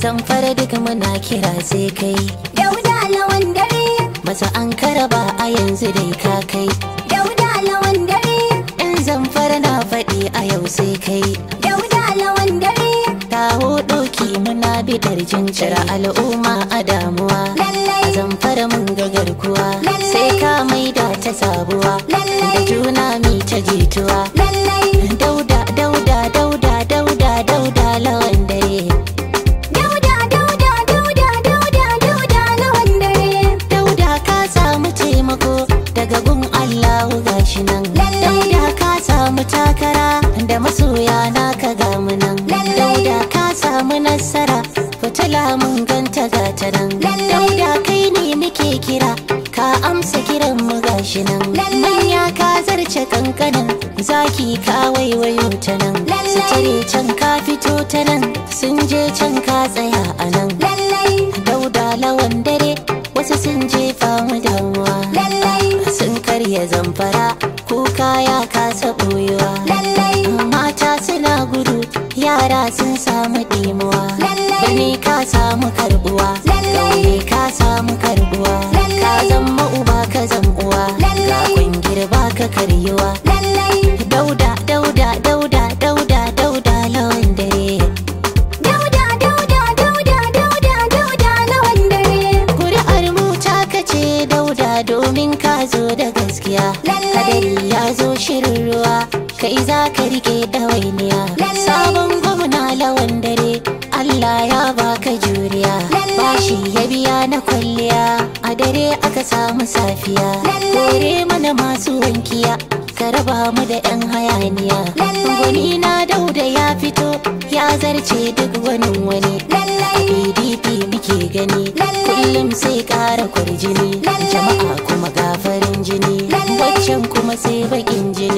zamfara duka muna kira sai kai dauda lawan dare Masa an ba a yanzu dai ka kai dauda lawan dare yan zamfara na faɗi a yau sai kai dauda lawan dare hudu ki muna darjin cira al'umma a damuwa lallai a zamfara mun ga garkuwa sai ka maida ta sabuwa Lallai da juna mi ta jituwa can ka tsaya a nan lallai dauda lawan dare wasu sun jefa mu damuwa lallai sun karya zamfara kuka ya kasa boyewa lallai mata suna gudu yara sun samu dimuwa lallai ka samu karbuwa lallai ka samu karbuwa ɗawainiya sabon gwamna lawan dare Allah ya baka juriya bashi ya biya na kwalliya a dare aka samu safiya kore mana masu wankiya ka raba mu da 'yan hayaniya gwani na dauda ya fito ya zarce duk wani wani pdp muke gani kullum sai kara kwarjini jama'a kuma gafarin jini waccan kuma sai bakin jini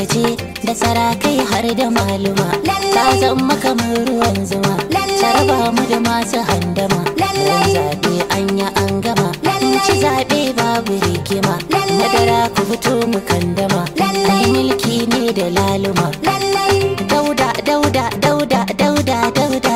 kaje ce da sarakai har da maluma ta zama kamar ruwan zuma tarba mu da masu handama ran zaɓe anya an gama ci zaɓe babu rigima madara ku fito mu kandama ai mulki ne da laluma dauda dauda dauda dauda dauda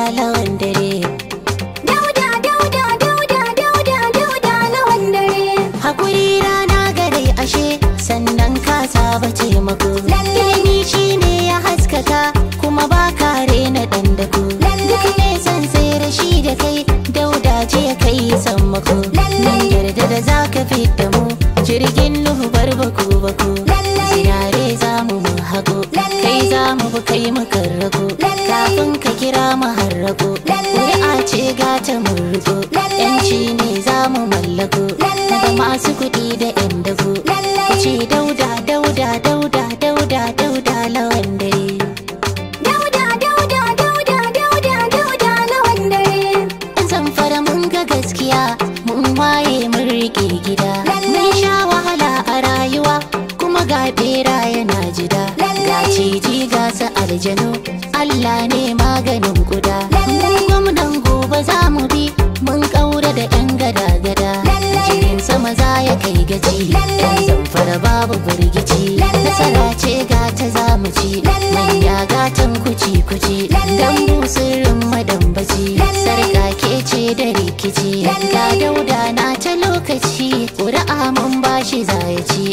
maku yarda da za ka da mu jirgin nuhu bar baku baku zinare za mu hako kai za mu bu kai mukan rago kafin ka kira mu harrako rago a ce gata mun rigo yanci ne za mu mallako daga masu kuɗi da yan dago ku ce da aljanu Allah ne maganin guda gwamnan gobe za mu bi mun kaura da yan gada-gada jirgin sama za ya kai gaji zan zamfara babu gurgici. nasara ce gata za mu ci manya gatan kuci-kuci dan busirin madambaci sarka ke ce da rikici ga dauda na ta lokaci ƙuri'a mun bashi za ya ci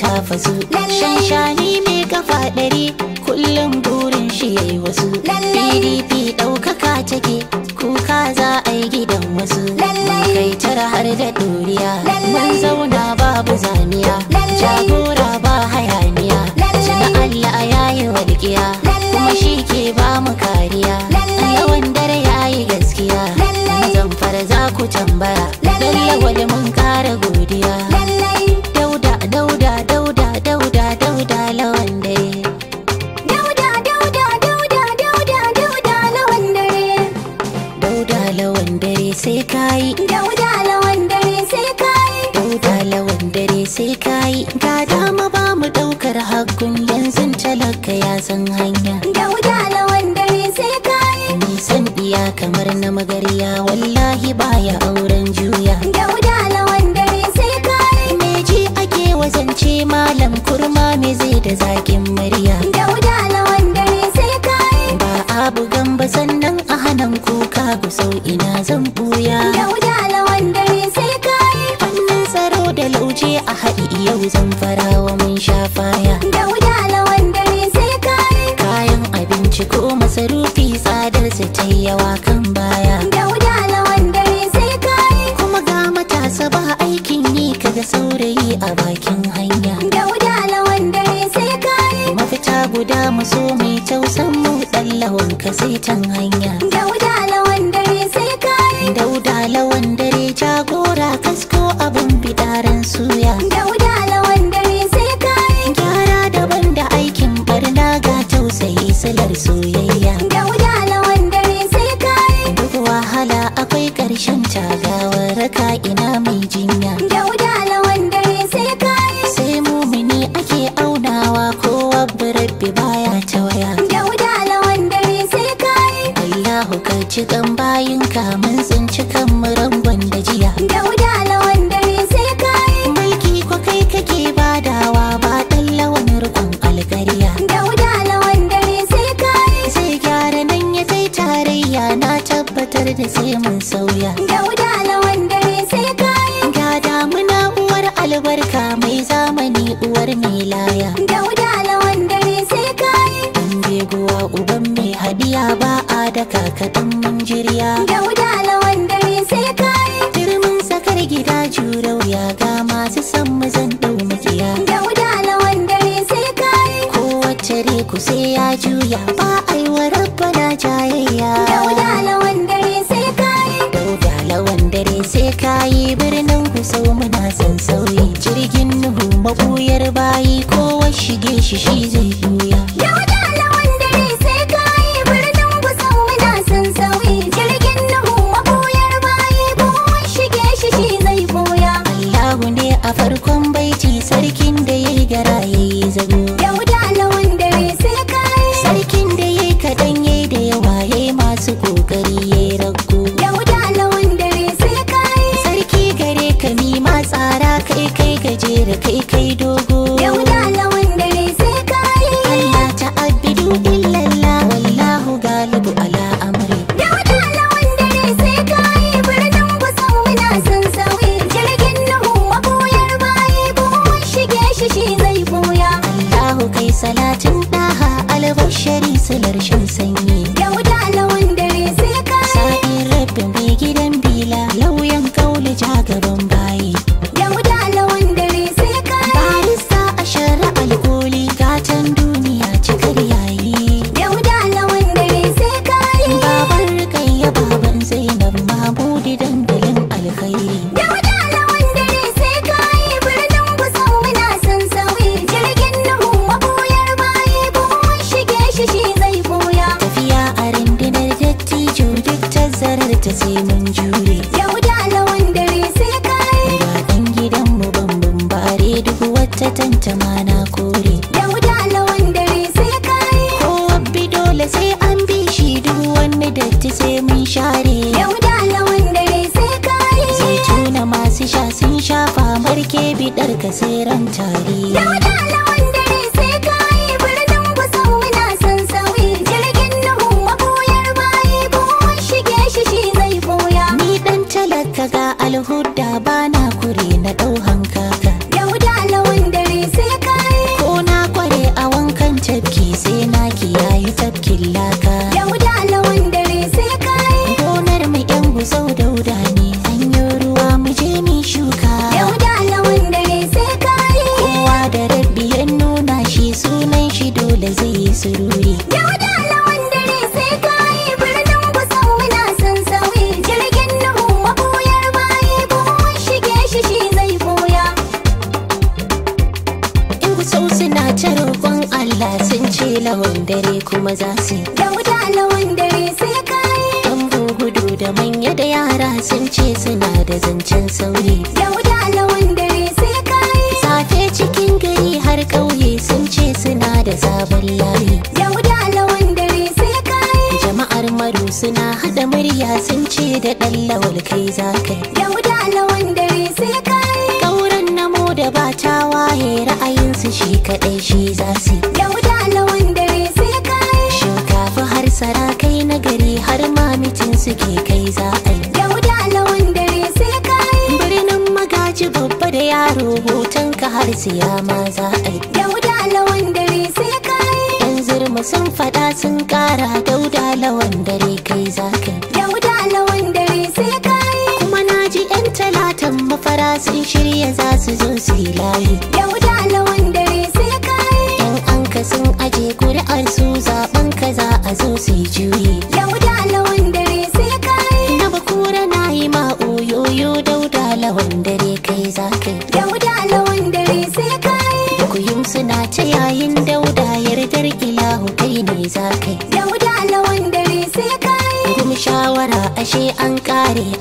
ta fasu shani mai kafa ɗari kullum burin shi yayi wasu pdp ɗaukaka take kuka za a yi gidan wasu kai tara har da ɗoriya mun zauna babu zamiya sai kayi dauda lawan dare sai kayi dauda lawan dare sai kayi ga dama ba mu daukar hakkun yanzu talaka ya san hanya dauda lawan dare sai kayi nisan iya kamar na magariya wallahi baya an ina zan buya yau da lawan dare sai yi. Wannan tsaro da lauje a haɗi yau zan wa mun sha faya yau da lawan dare sai yi. kayan abinci ko masarufi tsadar su ta yawa kan baya yau da lawan dare sai yi. kuma ga matasa ba aikin yi ka ga saurayi a bakin hanya yau da lawan dare sai kai mafita guda mu so mai tausan mu ɗan lawan ka sai tan hanya one day masu san mu zan dau makiya dauda lawan dare sai kai kowace ku sai ya juya ba ai warabba na jayayya dauda lawan dare sai kai dauda lawan dare sai kai birnin ku sau muna san sauri. jirgin nuhu mabuyar bayi kowa shige shi shi zai salatin ɗaha albashari salar shan sanyi umaru suna haɗa murya sun ce da ɗan kai za kai dauda lawan dare sai kai ɗauran namo da ba ta waye ra'ayinsu shi kaɗai shi za su dauda lawan dare sai kai shinkafa har sarakai na gari har ma mitin suke kai za a yi dauda lawan dare sai kai birnin magaji babba da yaro hoton ka har siya ma za a yi dauda lawan dare sai kai goma sun faɗa sun ƙara dauda lawan dare kai zaka dauda lawan dare sai kai kuma naji yan talatan mafara sun shirya za su zo su yi layi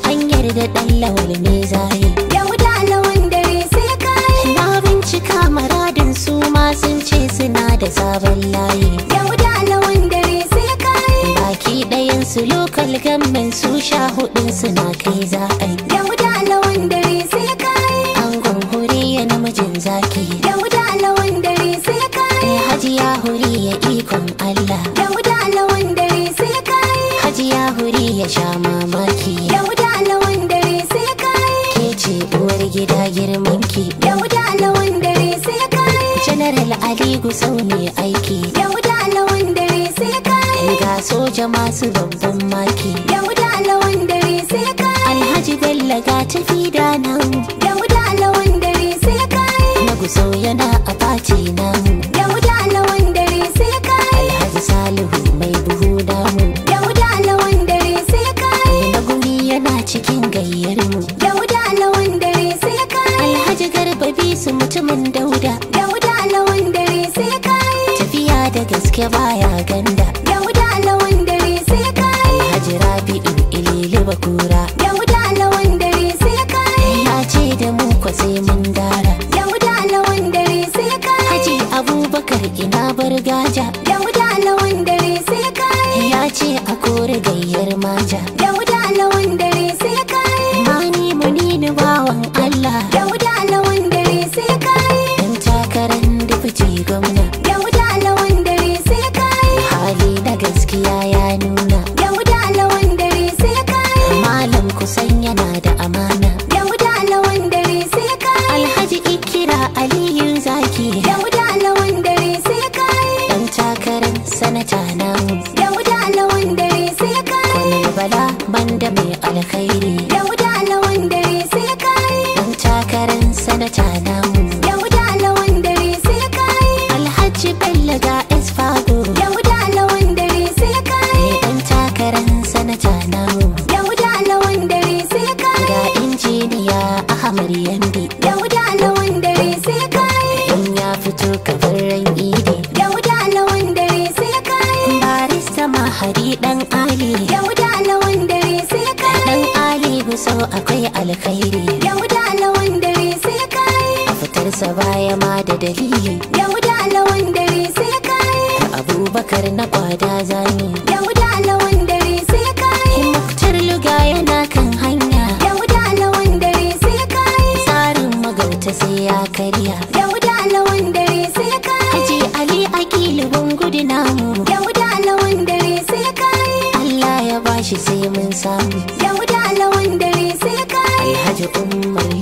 an yarda ɗan lawal ne zai ya wuta lawan dare sai kai na bincika maradin su ma sun ce suna da sabon layi ya wuta lawan dare sai kai baki ɗayan su lokal gamman su sha hudun suna kai girman ki dauda lawan dare sai kai general ali gusau ne aiki dauda lawan dare sai kai ga soja masu babban maki dauda lawan dare sai kai alhaji bello ga tafi da nan dauda lawan dare sai kai na gusau yana a fati mutumin dauda dauda lawan dare sai kai tafiya da gaske baya lawan dare sai kayi abubakar na kwada zani dauda lawan dare sai kayi muktar luga yana kan hanya dauda lawan dare sai kayi tsarin magauta sai ya karya dauda lawan dare sai kayi haji ali akilu gudu namu dauda lawan dare sai kayi allah ya bashi sai mun samu dauda lawan dare sai kayi alhaji umar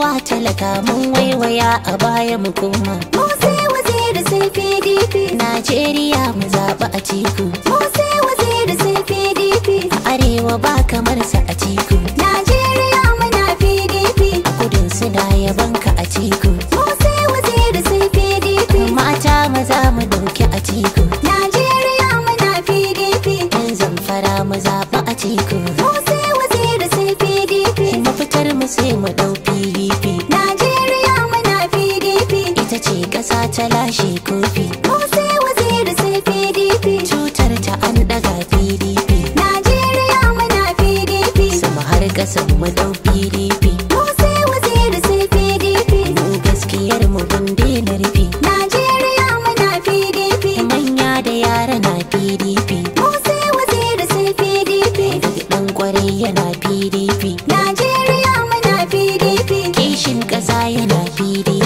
wa talaka mun waiwaya a baya mu koma mu sai waziri sai pdp najeriya mu zaɓi a ciku mu sai waziri sai pdp a arewa ba kamar sa a ciku BB